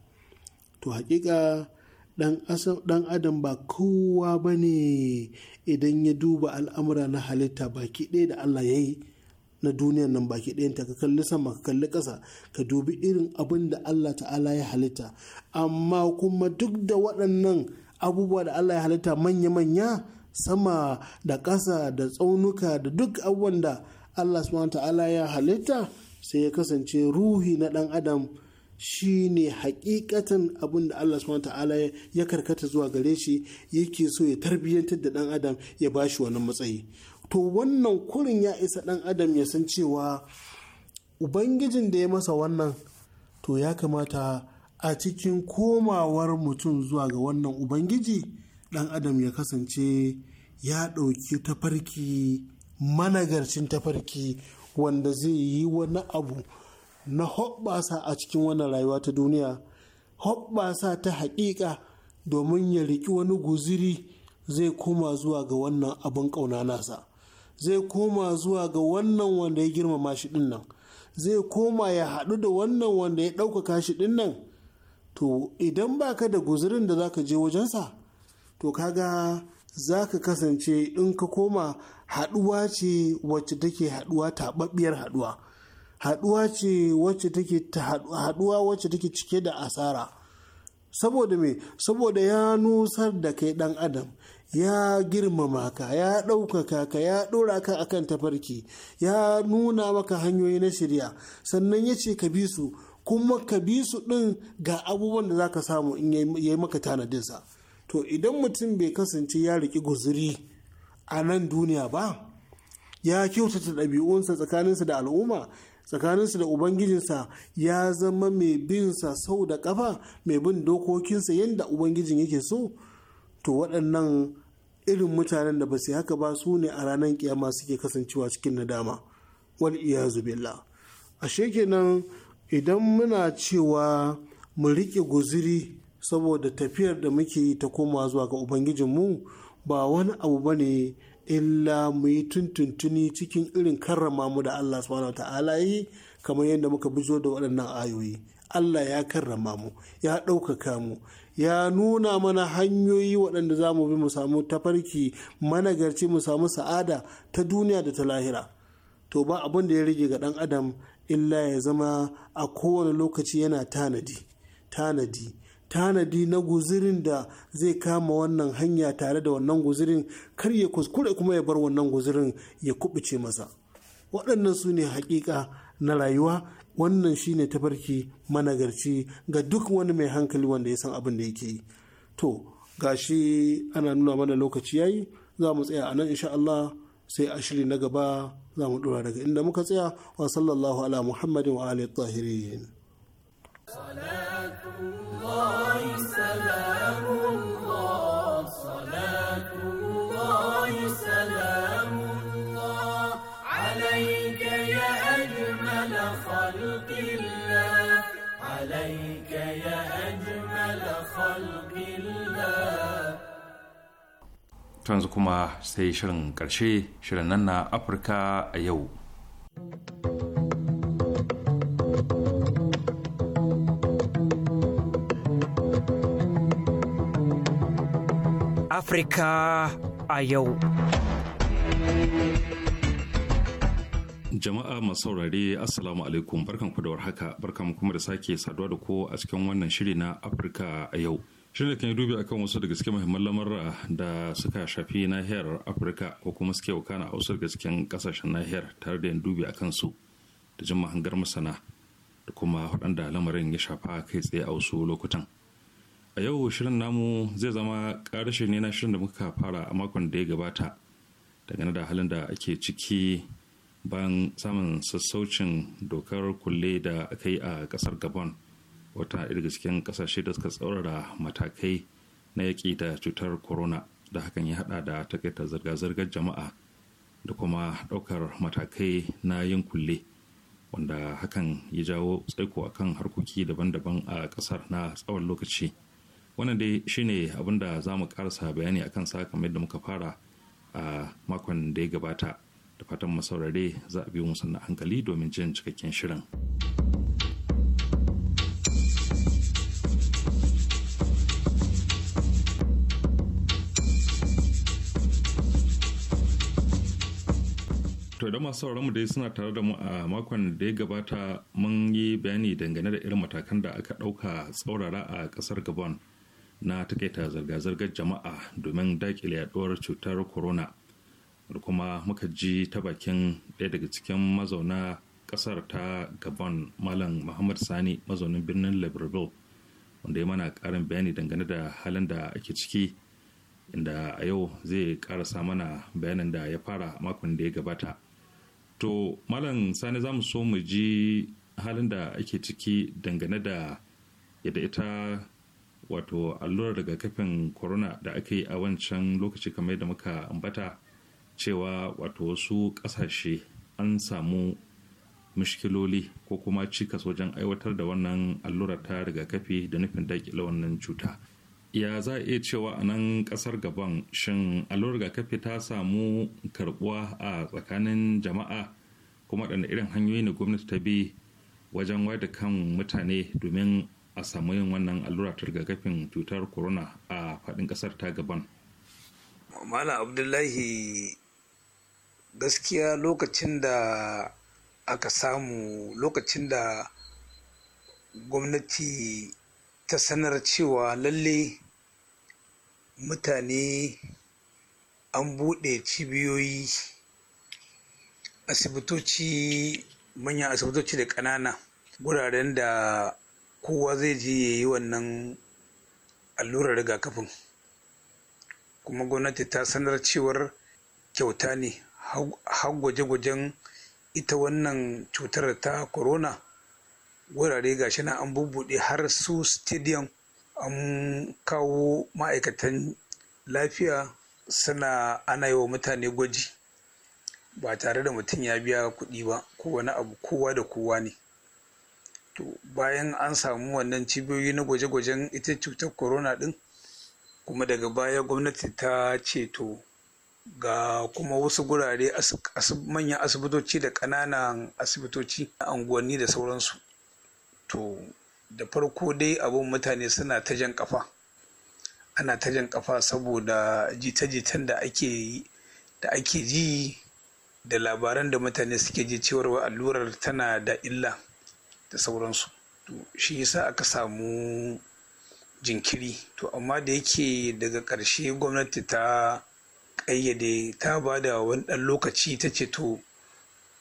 to haƙiƙa ɗan adam ba kowa ba ne idan ya duba al'amura na halitta baki ɗaya da allah ya yi na duniyar nan baki ɗayanta ka kalli sama ka kalli ƙasa ka dubi irin abin da Allah ta'ala ya halitta amma kuma duk da waɗannan abubuwa da Allah ya halitta manya-manya sama da ƙasa da tsaunuka da duk abubuwan da Allah subhanahu ta'ala ya halitta sai ya kasance ruhi na ɗan adam shi ne hakikatan abin da Allah subhanahu ta'ala ya karkata zuwa gare shi yake so ya tarbiyyantar da ɗan adam ya bashi wani matsayi to wannan kurin ya isa ɗan adam ya san cewa ubangijin da ya masa wannan to ya kamata a cikin komawar mutum zuwa ga wannan ubangiji ɗan adam ya kasance ya ɗauki tafarki managarcin tafarki wanda zai yi wani abu na hoɓɓasa a cikin wannan rayuwa ta duniya hoɓɓasa ta haƙiƙa domin ya riƙi wani guziri zai koma zuwa ga wannan abin ƙauna nasa zai koma zuwa ga wannan wanda ya girmama shi dinnan zai koma ya haɗu da wannan wanda ya ɗaukaka shi dinnan to idan baka da guzurin da zaka je wajensa to kaga za ka kasance in ka koma haɗuwa ce wacce take haɗuwa taɓaɓɓiyar haɗuwa haɗuwa ce wacce take haɗuwa wacce take cike da asara saboda me saboda ya nusar da kai ɗan adam ya girmama ka ya ɗaukaka ka ya ɗora ka a kan tafarki ya nuna maka hanyoyi na shirya sannan ya ce ka bi su kuma ka bi su ɗin ga abubuwan da za ka samu in ya yi maka tanadinsa to idan mutum bai kasance ya riƙi guziri a nan duniya ba ya kyautata ɗabi'unsa tsakaninsa da al'umma tsakaninsa da ubangijinsa ya zama mai binsa sau da ƙafa mai bin dokokinsa yadda ubangijin yake so to waɗannan irin mutanen da ba su haka ba su ne a ranar kiyama suke kasancewa cikin nadama wal iyazu billah ashe kenan idan muna cewa mu riƙe guziri saboda tafiyar da muke yi ta koma zuwa ga ubangijinmu ba wani abu ba ne illa mu yi tuntuntuni cikin irin karrama mu da Allah subhanahu ta'ala yi kamar yadda muka bijo da waɗannan ayoyi Allah ya karrama mu ya ɗaukaka mu ya nuna mana hanyoyi waɗanda za mu bi mu samu tafarki managarci mu samu sa'ada ta duniya da ta lahira to ba abin da ya rage ga ɗan adam illa ya zama a kowane lokaci yana tanadi tanadi tanadi na guzirin da zai kama wannan hanya tare da wannan guzirin kar ya kuskure kuma ya bar wannan guzirin ya kubuce masa waɗannan su ne hakika na rayuwa wannan shine tafarki managarci ga duk wani mai hankali wanda ya san abin da yake yi to gashi ana nuna mana lokaci yayi za mu tsaya a nan insha Allah sai a shiri na gaba za mu dora daga inda muka tsaya wa sallallahu ala muhammadin wa alihi tahirin to yanzu kuma sai shirin ƙarshe shirin nan na afirka a yau afirka a yau jama'a masu saurare assalamu alaikum barkan ku da warhaka barkan kuma da sake saduwa da ko a cikin wannan shiri na afirka a yau shirin da kan yi dubi akan wasu daga cikin muhimman lamarra da suka shafi nahiyar afirka ko kuma suke wakana a wasu daga cikin kasashen nahiyar tare da yin dubi a kansu da jin mahangar masana da kuma da lamarin ya shafa kai tsaye a wasu lokutan a yau shirin namu zai zama ƙarashe ne na shirin da muka fara a makon da ya gabata dangane da halin da ake ciki bayan samun sassaucin dokar kulle da aka yi a ƙasar gabon wata daga cikin kasashe da suka tsaurara matakai na yaƙi da cutar corona da hakan ya hada da takaita zirga-zirgar jama'a da kuma ɗaukar matakai na yin kulle wanda hakan ya jawo tsaiko a kan harkoki daban-daban a ƙasar na tsawon lokaci wannan dai shine abin da za mu karasa bayani akan sa kamar yadda muka fara a makon da ya gabata da fatan masaurare za a biyo musu na hankali domin jin cikakken shirin. To da masu mu dai suna tare da mu a makon da ya gabata mun yi bayani dangane da irin matakan da aka ɗauka tsaurara a ƙasar Gabon na takaita zirga-zirgar jama'a domin daƙile yaɗuwar cutar corona. Da kuma muka ji ta bakin ɗaya daga cikin mazauna ƙasar ta Gabon Malam Muhammad Sani mazaunin birnin Libreville wanda ya mana ƙarin bayani dangane da halin da ake ciki inda a yau zai ƙarasa mana bayanin da ya fara makon da ya gabata. to malam sani za mu so mu ji halin da ake ciki dangane da yadda ita wato allurar rigakafin corona da aka yi a wancan lokaci kamar yadda muka ambata cewa wato wasu kasashe an samu mushkiloli ko kuma cikas wajen aiwatar da wannan allura ta rigakafi da nufin daƙile wannan cuta ya za a iya cewa a nan kasar gaban shin allurar rigakafi ta samu karbuwa a tsakanin jama'a kuma da irin hanyoyi ne gwamnati ta bi wajen wayar da kan mutane domin a samu yin wannan allura ta rigakafin cutar corona a faɗin ƙasar ta gaban. Mala Abdullahi gaskiya lokacin da aka samu lokacin da gwamnati ta sanar cewa lalle mutane an buɗe cibiyoyi asibitoci manyan asibitoci da ƙanana guraren da kowa zai je ya yi wannan allurar rigakafin kuma gwamnati ta sanar cewar kyauta ne har gwaje-gwajen ita wannan cutar ta corona wurare gashi na an bubbuɗe har su stadium an kawo ma'aikatan lafiya suna ana yi wa mutane gwaji ba tare da mutum ya biya kuɗi ba ko wani abu kowa da kowa ne to bayan an samu wannan cibiyoyi na gwaje-gwajen ita cutar corona ɗin kuma daga baya gwamnati ta ce to ga kuma wasu gurare manyan asibitoci da ƙananan asibitoci a unguwanni da sauransu to da farko dai abin mutane suna ta jan kafa ana ta jan kafa saboda jita-jitan da ake da ake ji da labaran da mutane suke ji cewar wa allurar tana da illa da sauransu to shi yasa aka samu jinkiri to amma da yake daga ƙarshe gwamnati ta ƙayyade ta bada da wani ɗan lokaci ta ce to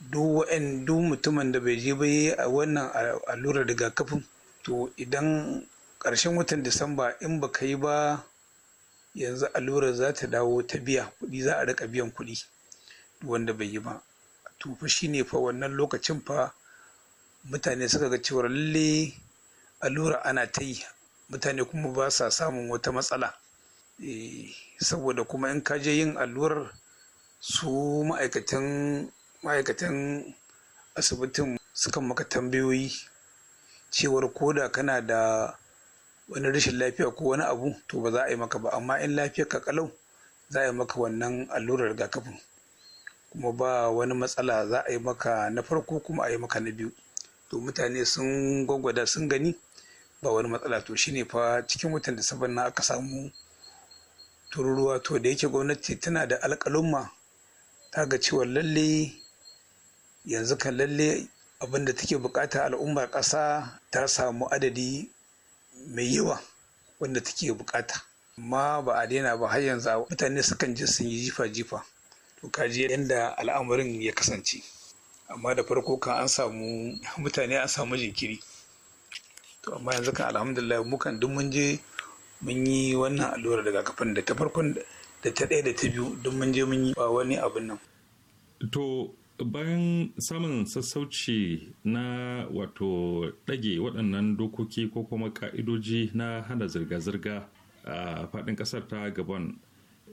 duk mutumin da bai je ba yi a wannan allurar rigakafin to idan ƙarshen watan disamba in ba ka yi ba yanzu allurar za ta dawo ta biya kuɗi za a rika biyan kuɗi wanda bai yi ba to shi shine fa wannan lokacin fa mutane suka ga cewar lalle allura ana ta yi mutane kuma ba sa samun wata matsala eh, saboda kuma in ka je yin allurar su ma'aikatan ma'aikatan asibitin sukan maka tambayoyi cewar koda kana da wani rashin lafiya ko wani abu to ba za a yi maka ba amma in lafiyar ka kalau za a yi maka wannan allurar rigakafin kuma ba wani matsala za a yi maka na farko kuma a yi maka na biyu to mutane sun gwagwada sun gani ba wani matsala to shine fa cikin watan da saban na aka samu tururuwa to da yake gwamnati tana da alƙalumma ta ga cewa lalle yanzu kan lalle abin da take bukata al'ummar ƙasa ta samu adadi mai yawa wanda take bukata amma ba a daina ba har yanzu mutane sukan ji sun yi jifa-jifa to kaji yadda al'amarin ya kasance amma da farko kan an samu mutane an samu jinkiri to amma yanzu kan alhamdulillah mukan duk mun je mun yi wannan allura daga kafin da ta farkon da ta ɗaya da ta biyu duk mun je mun yi ba wani abin nan to bayan samun sassauci na wato ɗage waɗannan dokoki ko kuma ƙa'idoji na hana zirga-zirga a faɗin ƙasar ta gabon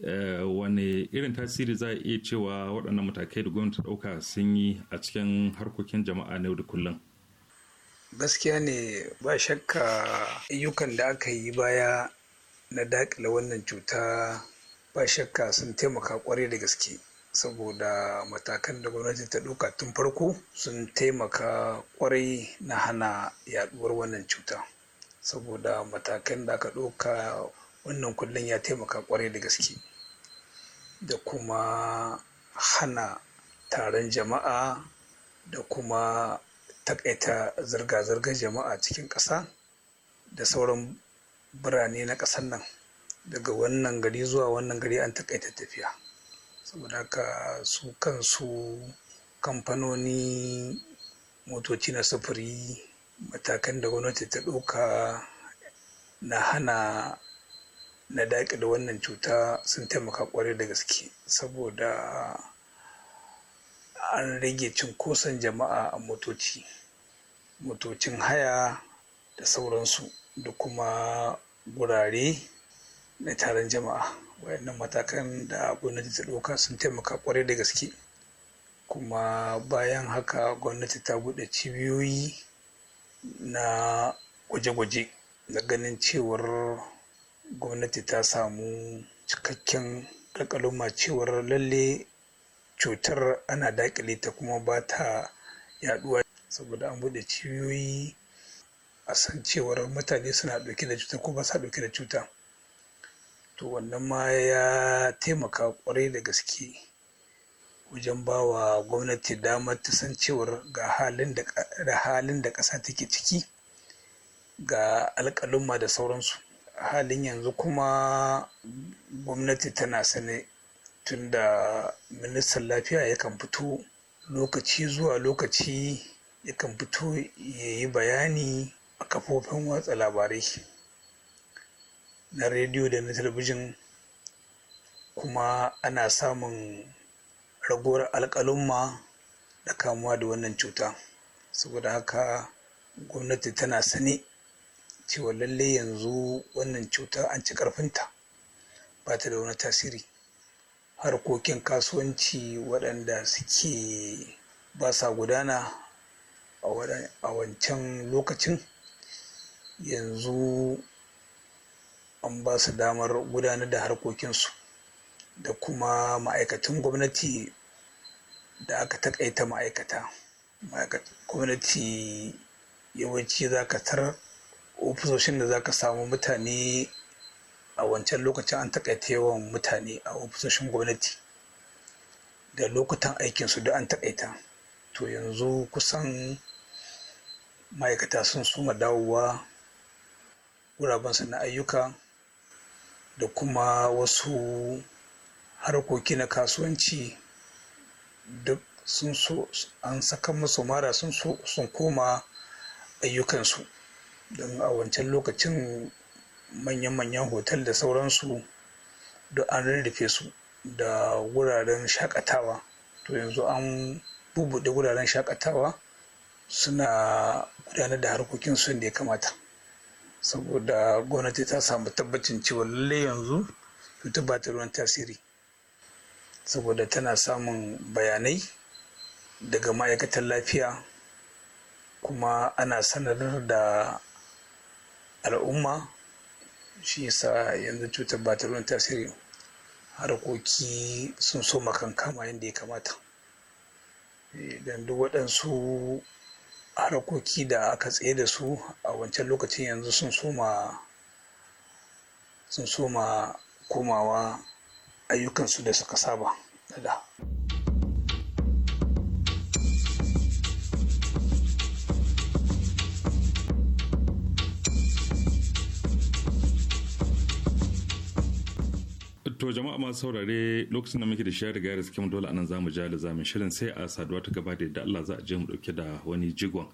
eh, wani irin tasiri za a iya cewa waɗannan matakai da gwamnati ɗauka sun yi a cikin harkokin jama'a na yau da kullum gaskiya ne ba shakka ayyukan da aka yi baya na daƙile wannan cuta ba shakka sun taimaka kwarai da gaske saboda matakan da gwamnati ta ɗauka tun farko sun taimaka kwarai na hana yaduwar wannan cuta saboda matakan da aka ɗauka wannan kullum ya taimaka kwarai da gaske da kuma hana taron jama'a da kuma takaita zirga-zirgar jama'a cikin ƙasa da sauran birane na ƙasar nan daga wannan gari zuwa wannan gari an takaita tafiya saboda haka su kansu kamfanoni motoci na sufuri matakan da gwamnati ta ɗauka na hana na daƙile wannan cuta sun taimaka ƙwarai da gaske saboda an rage cunkoson jama'a a motoci motocin haya da sauransu da kuma gurare na taron jama'a wayannan matakan da gwamnati ta ɗauka sun taimaka kwarai da gaske kuma bayan haka gwamnati ta buɗe cibiyoyi na gwaje-gwaje na ganin cewar gwamnati ta samu cikakken ƙaƙaluma cewar lalle cutar ana daƙile ta kuma ba ta yaɗuwa saboda an buɗe cibiyoyi a san cewar mutane suna ɗauke da cuta ko ba sa ɗauke da cuta to wannan ma ya taimaka kwarai da gaske wajen ba wa gwamnati damar ta san cewar ga halin da ƙasa take ciki ga alƙalumma da sauransu halin yanzu kuma gwamnati tana sane tun da ministan lafiya yakan fito lokaci zuwa lokaci yakan fito ya yi bayani a kafofin watsa labarai na rediyo da na talabijin kuma ana samun ragowar alkalumma da kamuwa da wannan cuta saboda haka gwamnati tana sane cewa lalle yanzu wannan cuta an ci ƙarfinta ba ta da wani tasiri harkokin kasuwanci waɗanda suke ba sa gudana a wancan lokacin yanzu an ba su damar gudanar da harkokinsu da kuma ma'aikatan gwamnati da aka takaita ma'aikata gwamnati yawanci za ka tar ofisoshin da za ka samu mutane a wancan lokacin an takaita yawan mutane a ofisoshin gwamnati da lokutan aikinsu da an takaita to yanzu kusan ma'aikata sun suma dawowa wurabensu na ayyuka da kuma wasu harkoki na kasuwanci duk sun so an saka musu mara sun so sun koma ayyukansu don a wancan lokacin manyan-manyan hotel da sauransu duk an rarrafe su da wuraren shakatawa to yanzu an bubuɗe wuraren shakatawa suna gudanar da harkokinsu da ya kamata saboda gwamnati ta samu tabbacin cewa lalle yanzu cutar ba ta ruwan tasiri saboda tana samun bayanai daga ma'aikatan lafiya kuma ana sanar da al'umma shi yasa yanzu cutar ba ta ruwan tasiri harkoki sun so kama yadda ya kamata eh, don duk waɗansu harkoki da aka tsaye da su a wancan lokacin yanzu sun soma sun soma komawa ayyukansu da suka saba da To jama'a masu saurare lokacin da muke da shi riga da mu dole anan zamu ja da zamin shirin sai a saduwa ta gaba da Allah za a je mu dauke da wani jigon.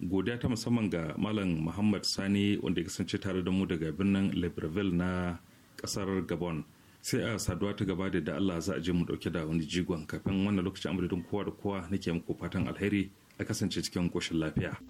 Godiya ta musamman ga Malam Muhammad Sani wanda ya kasance tare da mu daga birnin Libreville na kasar Gabon. Sai a saduwa ta gaba da Allah za a je mu dauke da wani jigon kafin wannan lokacin amadadin kowa da kowa nake muku fatan alheri a kasance cikin koshin lafiya.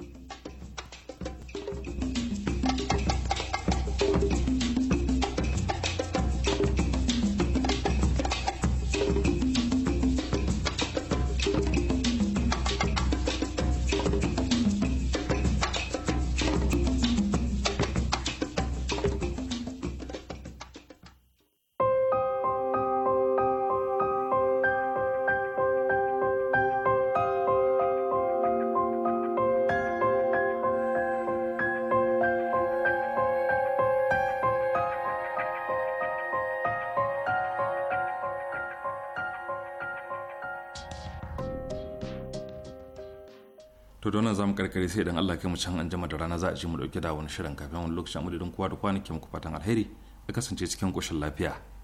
to donan za mu karkare sai idan Allah kai mu can an jama da rana za a ji mu dauke da wani shirin kafin wani lokacin mu da kowa da kwanaki muku fatan alheri a kasance cikin koshin lafiya